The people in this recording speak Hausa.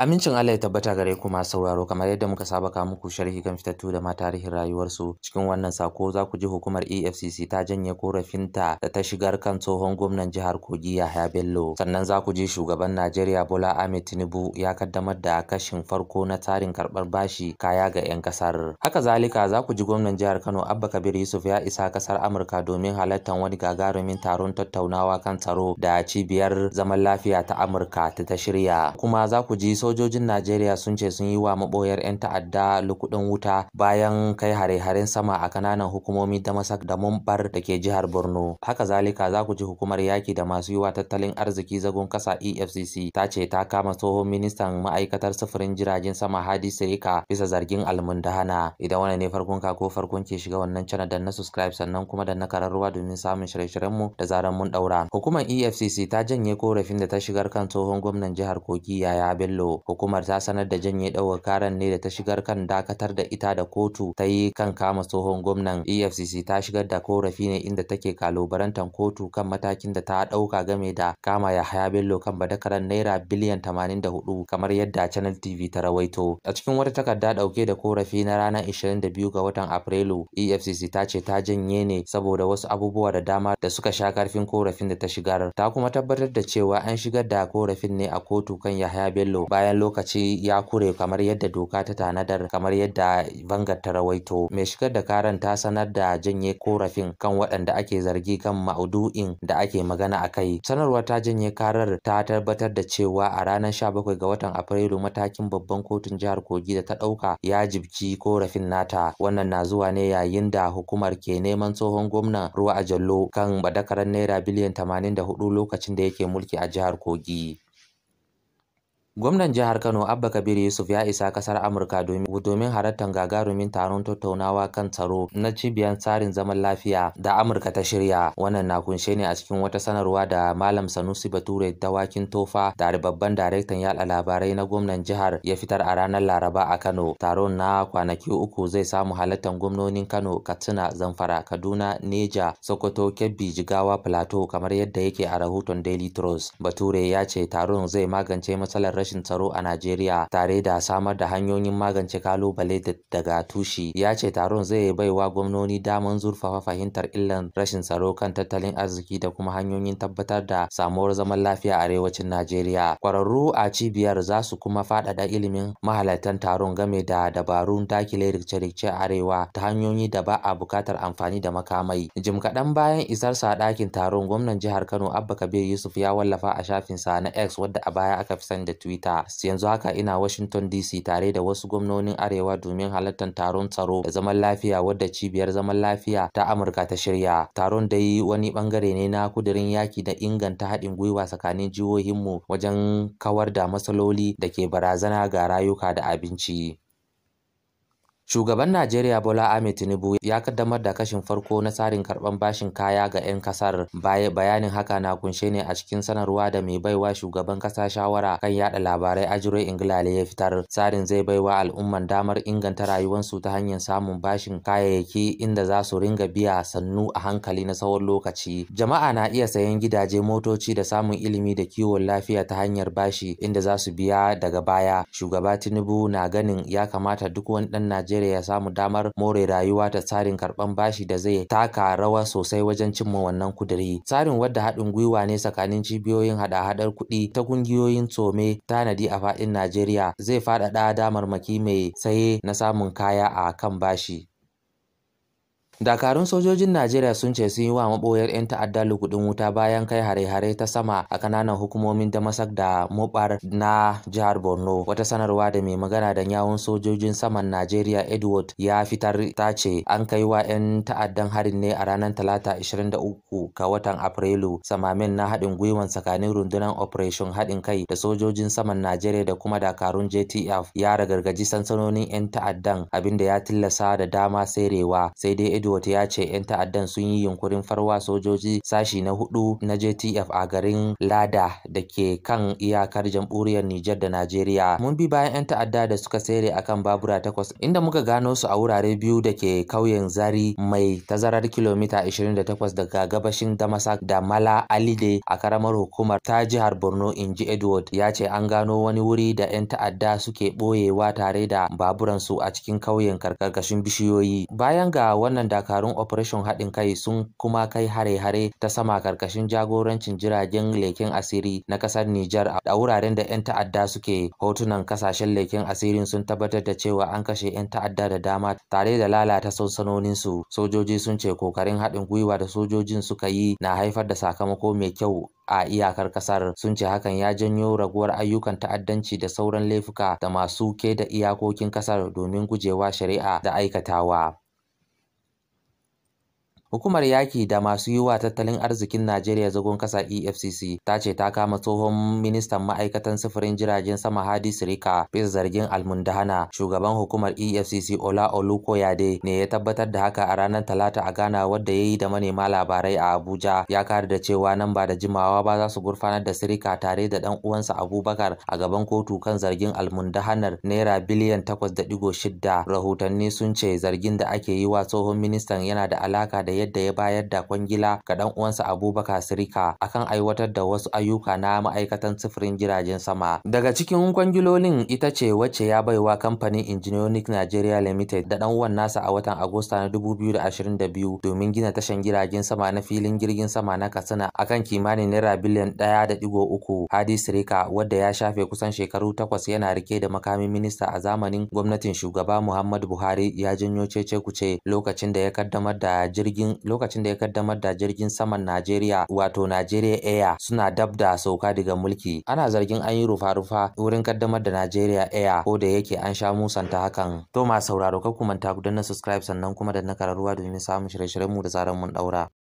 Amincin Allah ya tabbata gare ku masu sauraro kamar yadda muka saba ka muku sharhi kan fitattu da ma tarihin rayuwarsu cikin wannan sako za ku ji hukumar EFCC ta janye korafinta da ta shigar kan tsohon gwamnan jihar Kogi Yahaya Bello sannan za ku ji shugaban Najeriya Bola Ahmed Tinubu ya kaddamar da kashin farko na tsarin karɓar bashi kaya ga 'yan kasar haka zalika za ku ji gwamnan jihar Kano Abba Kabir Yusuf ya isa kasar Amurka domin halartar wani gagarumin taron tattaunawa kan tsaro da cibiyar zaman lafiya ta Amurka ta shirya kuma za ku ji so sojojin Najeriya sun ce sun yi wa maboyar 'yan ta'adda lukudin wuta bayan kai hare-haren sama a kananan hukumomi da Masak da Mumbar da ke jihar Borno. Haka zalika za ku ji hukumar yaki da masu yi wa tattalin arziki zagon kasa EFCC ta ce ta kama tsohon ministan ma'aikatar sufurin jiragen sama Hadi Sirika bisa zargin almundahana. Idan wani ne farkon ka ko farkon ke shiga wannan canal dan na subscribe sannan kuma da na kararruwa domin samun shirye mu da zaran mun daura. Hukumar EFCC ta janye korafin da ta shigar kan tsohon gwamnan jihar Kogi Yaya Bello Hukumar ta sanar da janye ɗaukar karan ne da ta shigar kan dakatar da ita da kotu ta yi kan kama tsohon gwamnan EFCC ta shigar da korafi ne inda take kalubarantar kotu kan matakin da ta ɗauka game da kama Yahaya Bello kan badakaran naira biliyan hudu kamar yadda Channel TV ta rawaito. A cikin wata takarda ɗauke da korafi na ranar biyu ga watan Afrilu, EFCC ta ce ta janye ne saboda wasu abubuwa da dama da suka sha karfin korafin da ta shigar. Ta kuma tabbatar da cewa an shigar da korafin ne a kotu kan Yahaya Bello bayan bayan lokaci ya kure kamar yadda doka ta tanadar kamar yadda bangar ta rawaito mai shigar da karan ta sanar da janye korafin kan waɗanda ake zargi kan maudu'in da ake magana a kai sanarwar ta janye karar ta tabbatar da cewa a ranar 17 ga watan afrilu matakin babban kotun jihar kogi da ta ɗauka ya jibci korafin nata wannan na zuwa ne yayin da hukumar ke neman tsohon gwamnan ruwa a jallo kan badakaran naira biliyan 84 lokacin da yake mulki a jihar kogi Gwamnan jihar Kano Abba Kabir Yusuf ya isa kasar Amurka domin halartar gagarumin taron tattaunawa kan tsaro na cibiyar tsarin zaman lafiya da Amurka ta shirya. Wannan na kunshe ne a cikin wata sanarwa da Malam Sanusi Bature Dawakin Tofa da babban daraktan yaɗa labarai na gwamnan jihar ya fitar a ranar Laraba a Kano. Taron na kwanaki uku zai samu halartar gwamnonin Kano, Katsina, Zamfara, Kaduna, Neja, Sokoto, Kebbi, Jigawa, Plateau kamar yadda yake a rahoton Daily Trust. Bature ya ce taron zai magance matsalar rashin rashin tsaro a Najeriya tare da samar da hanyoyin magance kalubale daga tushe. Ya ce taron zai baiwa gwamnoni damar zurfafa fahimtar illan rashin tsaro kan tattalin arziki da kuma hanyoyin tabbatar da samuwar zaman lafiya a arewacin Najeriya. Kwararru a cibiyar za su kuma faɗaɗa ilimin mahalartan taron game da dabarun dakile rikice-rikice a arewa ta hanyoyi da ba a buƙatar amfani da makamai. Jim kaɗan bayan isar isarsa ɗakin taron gwamnan jihar Kano Abba Kabir Yusuf ya wallafa a shafinsa na X wadda a baya aka fi sani da Twitter. Twitter. Yanzu haka ina Washington DC tare da wasu gwamnonin Arewa domin halartar taron tsaro da zaman lafiya wadda cibiyar zaman lafiya ta Amurka ta shirya. Taron dai wani bangare ne na kudirin yaki da inganta haɗin gwiwa tsakanin jihohinmu wajen kawar da matsaloli da ke barazana ga rayuka da abinci. Shugaban Najeriya Bola Ahmed Tinubu ya kaddamar da kashin farko na tsarin karban bashin kaya ga 'yan kasar. Baya bayanin haka na kunshe ne a cikin sanarwa da mai baiwa shugaban kasa shawara kan yada labarai Ajure Ingilale ya fitar. Tsarin zai baiwa al'umman damar inganta rayuwarsu ta hanyar samun bashin kayayyaki inda za su ringa biya sannu a hankali na tsawon lokaci. Jama'a na iya sayan gidaje, motoci da samun ilimi da kiwon lafiya ta hanyar bashi inda za su biya daga baya. Shugaba Tinubu na ganin ya kamata duk wani ɗan Najeriya Najeriya ya samu damar more rayuwa ta tsarin karban bashi da zai taka rawa sosai wajen cimma wannan kudiri. Tsarin wadda haɗin gwiwa ne tsakanin cibiyoyin hada-hadar kuɗi ta kungiyoyin tsome tanadi a faɗin Najeriya zai faɗaɗa damarmaki mai saye na samun kaya a kan bashi. Dakarun sojojin Najeriya sun ce sun yi wa maboyar 'yan ta'adda lukudin wuta bayan kai hare-hare ta sama a kananan hukumomin Damasak da mubar na jihar Borno. Wata sanarwa da mai magana da yawun sojojin saman Najeriya Edward ya fitar ta ce an kai wa 'yan ta'addan harin ne a ranar Talata 23 ga watan Afrilu. Samamin na haɗin gwiwan tsakanin rundunar Operation haɗin kai da sojojin saman Najeriya da kuma dakarun JTF ya ragargaji sansanonin 'yan ta'addan abinda ya tilasa da dama serewa sai dai Duwato ya ce 'yan ta'addan sun yi yunkurin farwa sojoji sashi na hudu na JTF a garin Lada da ke kan iyakar jamhuriyar Nijar da Najeriya. Mun bi bayan 'yan ta'adda da suka sere akan babura takwas inda muka gano su a wurare biyu da ke kauyen Zari mai tazarar kilomita 28 daga gabashin Damasak da Mala Alide a karamar hukumar ta jihar Borno inji Edward ya ce an gano wani wuri da 'yan ta'adda suke ɓoyewa tare da baburansu a cikin kauyen karkashin bishiyoyi. Bayan ga wannan da dakarun operation haɗin kai sun kuma kai hare-hare ta sama karkashin jagorancin jiragen leken asiri na ƙasar Nijar a wuraren da 'yan ta'adda suke hotunan kasashen leken asirin sun tabbatar da cewa an kashe 'yan ta'adda da dama tare da lalata sansanoninsu sojoji sun ce kokarin haɗin gwiwa da sojojin suka yi na haifar da sakamako mai kyau a iyakar kasar sun ce hakan ya janyo raguwar ayyukan ta'addanci da sauran laifuka da masu ke da iyakokin kasar domin gujewa shari'a da aikatawa Hukumar Yaki, da masu yiwa tattalin arzikin Najeriya zagon kasa EFCC ta ce ta kama tsohon ministan ma'aikatan sufurin jiragen sama Hadi Sirika bisa zargin almundahana. Shugaban hukumar EFCC Ola Olukoyade ne ya tabbatar da haka a ranar Talata a Ghana wadda ya yi da manema labarai a Abuja. Ya kare da cewa nan ba da jimawa ba za su gurfanar da Sirika tare da ɗan uwansa Abubakar a gaban kotu kan zargin almundahanar naira biliyan takwas da shidda. Rahotanni sun ce zargin da ake yi wa tsohon ministan yana da alaka da yadda ya bayar da kwangila ga dan uwansa Abubakar Sirika akan aiwatar da wasu ayyuka na ma'aikatan sufurin jiragen sama. Daga cikin kwangilolin ita ce wacce ya baiwa kamfanin Engineering Nigeria Limited da dan uwan nasa a watan Agusta na 2022 domin gina tashan jiragen sama na filin jirgin sama na Katsina akan kimanin naira biliyan 1.3 Hadi Sirika wadda ya shafe kusan shekaru takwas yana rike da makamin minista a zamanin gwamnatin shugaba Muhammadu Buhari ya janyo cece kuce lokacin da ya kaddamar da jirgin jirgin lokacin da ya kaddamar da jirgin saman Najeriya wato Nigeria Air suna dab da sauka daga mulki. Ana zargin an yi rufa-rufa wurin kaddamar da Najeriya Air ko da yake an sha musanta hakan. To ma sauraro ka manta ku na subscribe sannan kuma da na kararruwa domin samun shirye-shiryen mu da zaran mun daura.